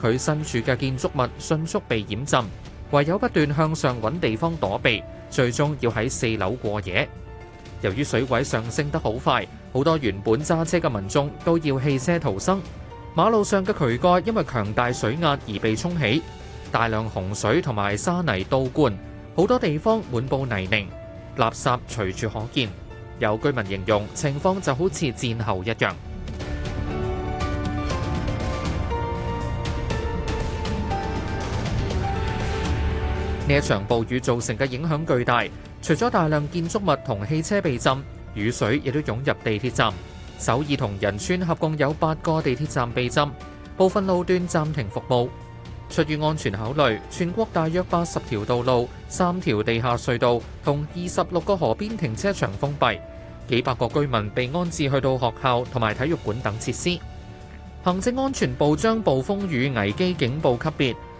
佢身處嘅建築物迅速被淹浸，唯有不斷向上揾地方躲避，最終要喺四樓過夜。由於水位上升得好快，好多原本揸車嘅民眾都要棄車逃生。馬路上嘅渠蓋因為強大水壓而被衝起，大量洪水同埋沙泥倒灌，好多地方滿布泥濘，垃圾隨處可見。有居民形容情況就好似戰後一樣。呢一場暴雨造成嘅影響巨大，除咗大量建築物同汽車被浸，雨水亦都湧入地鐵站。首爾同仁川合共有八個地鐵站被浸，部分路段暫停服務。出於安全考慮，全國大約八十條道路、三條地下隧道同二十六個河邊停車場封閉，幾百個居民被安置去到學校同埋體育館等設施。行政安全部將暴風雨危機警報級別。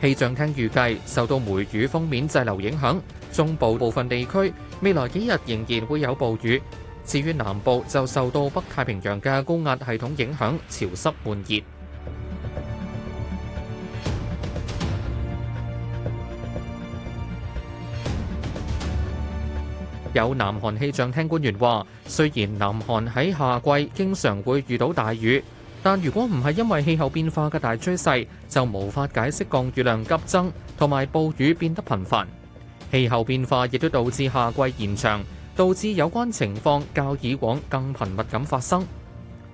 氣象廳預計，受到梅雨鋒面滯留影響，中部部分地區未來幾日仍然會有暴雨。至於南部就受到北太平洋嘅高壓系統影響，潮濕悶熱。 有南韓氣象廳官員話，雖然南韓喺夏季經常會遇到大雨。但如果唔係因為氣候變化嘅大趨勢，就無法解釋降雨量急增同埋暴雨變得頻繁。氣候變化亦都導致夏季延長，導致有關情況較以往更頻密咁發生。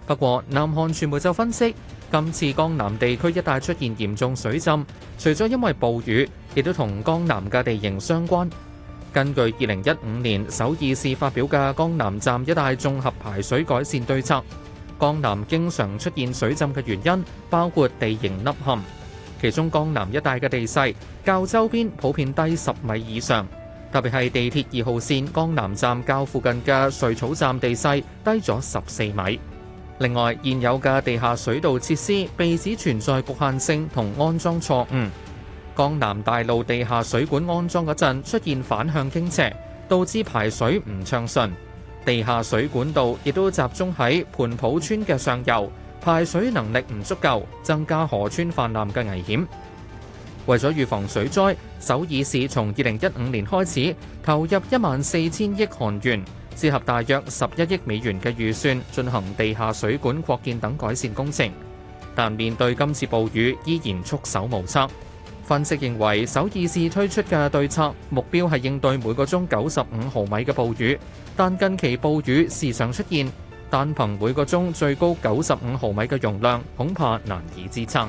不過，南韓傳媒就分析，今次江南地區一帶出現嚴重水浸，除咗因為暴雨，亦都同江南嘅地形相關。根據2015年首爾市發表嘅江南站一帶綜合排水改善對策。江南經常出現水浸嘅原因，包括地形凹陷，其中江南一帶嘅地勢較周邊普遍低十米以上，特別係地鐵二號線江南站較附近嘅瑞草站地勢低咗十四米。另外，現有嘅地下水道設施被指存在局限性同安裝錯誤，江南大路地下水管安裝嗰陣出現反向傾斜，導致排水唔暢順。地下水管道亦都集中喺盤浦村嘅上游，排水能力唔足夠，增加河川泛濫嘅危險。為咗預防水災，首爾市從二零一五年開始投入一萬四千億韓元，折合大約十一億美元嘅預算，進行地下水管擴建等改善工程。但面對今次暴雨，依然束手無策。分析認為，首爾市推出嘅對策目標係應對每個鐘九十五毫米嘅暴雨，但近期暴雨時常出現，單憑每個鐘最高九十五毫米嘅容量，恐怕難以支撐。